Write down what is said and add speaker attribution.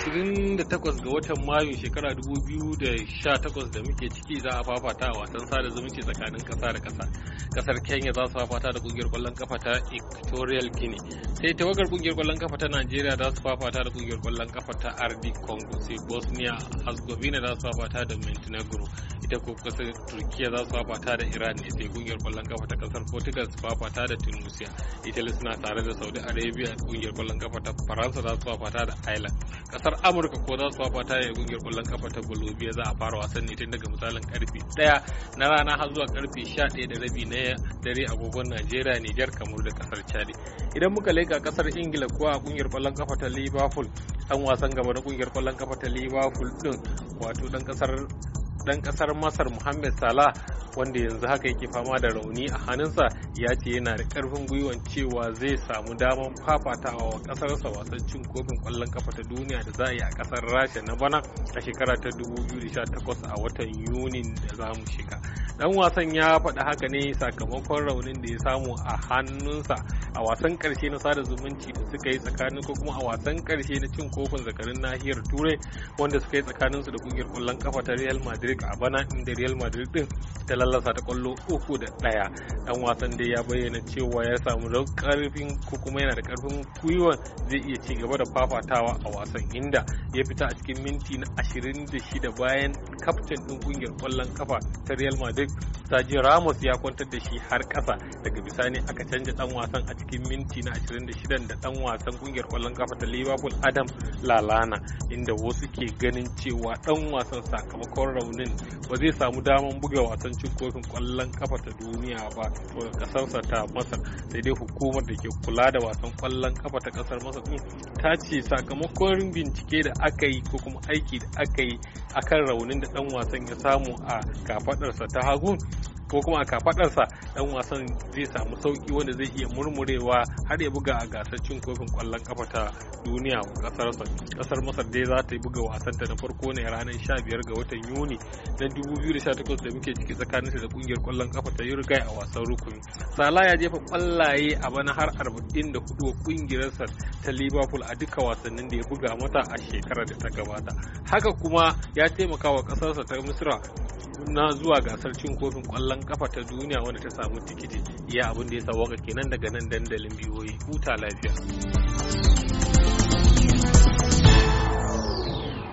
Speaker 1: 28 ga watan mayu shekara 2018 da muke ciki za a fafata a wasan sada zumunci tsakanin kasa da kasa kasar kenya za su fafata da kungiyar kwallon kafa ta equatorial guinea sai tawagar kungiyar kwallon kafa ta nigeria za su fafata da kungiyar kwallon kafa ta rd congo sai bosnia herzegovina za su fafata da montenegro ita ko kasar turkiya za su fafata da iran ne sai kungiyar kwallon kafa ta kasar portugal su fafata da tunisia italy suna tare da saudi arabia kungiyar kwallon kafa ta faransa za su fafata da ireland kasar amurka ko za su haɓata ya gungiyar kwallon kafa ta bolivia za a fara wasan ne tun daga misalin karfe 1 na rana har zuwa karfe 11 da rabi na dare agogon najeriya niger kamar da kasar chad idan muka leka kasar ingila kuwa a gungiyar kwallon kafa ta liverpool dan wasan gaba na kungiyar kwallon kafa ta liverpool din wato dan kasar masar muhammed salah wanda yanzu haka yake fama da rauni a hannunsa ya ce yana da karfin gwiwan cewa zai samu damar fafatawa wa kasarsa wasan cin kofin kwallon kafa ta duniya da za a yi a kasar rasha na bana a shekara ta 2018 a watan yunin da za mu shiga dan wasan ya faɗi haka ne sakamakon raunin da ya samu a hannunsa a wasan karshe na sada zumunci da suka yi tsakanin ko kuma a wasan karshe na cin kofin zakarin nahiyar turai wanda suka yi tsakaninsu da kungiyar kwallon kafa ta real madrid a bana inda real madrid din ta lallasa ta kwallo uku da ɗaya dan wasan da ya bayyana cewa ya samu da karfin ko kuma yana da karfin gwiwan zai iya ci gaba da fafatawa a wasan inda ya fita a cikin minti na 26 bayan kaftin din kungiyar kwallon kafa ta Real Madrid Sergio Ramos ya kwantar da shi har kasa daga bisani aka canja dan wasan a cikin minti na 26 da dan wasan kungiyar kwallon kafa ta Liverpool Adam Lalana inda wasu ke ganin cewa dan wasan sakamakon raunin ba zai samu daman buga wasan cin kofin kwallon kafa ta duniya ba daga kasarsa ta masar sai dai hukumar da ke kula da wasan kwallon kafa ta kasar masar din ta ce sakamakon bincike da aka yi ko kuma aiki da aka yi akan raunin da dan wasan ya samu a kafadarsa ta hagu ko kuma a kafadarsa dan wasan zai samu sauki wanda zai iya murmurewa har ya buga a gasar cin kofin kwallon kafa ta duniya kasar kasar masar dai za ta buga wasan ta na farko ne ranar 15 ga watan yuni na 2018 da muke ciki tsakaninta da kungiyar kwallon kafa ta yurgai a wasan rukuni sala ya jefa kwallaye a bana har 44 wa kungiyarsa ta liverpool a duka wasannin da ya buga mata a shekarar da ta gabata haka kuma ya taimaka wa kasarsa ta misra na zuwa gasar cin kofin kwallon kafa ta duniya wanda ta samu tikiti iya abin da ya sawaka kenan daga nan dandalin biyoyi huta lafiya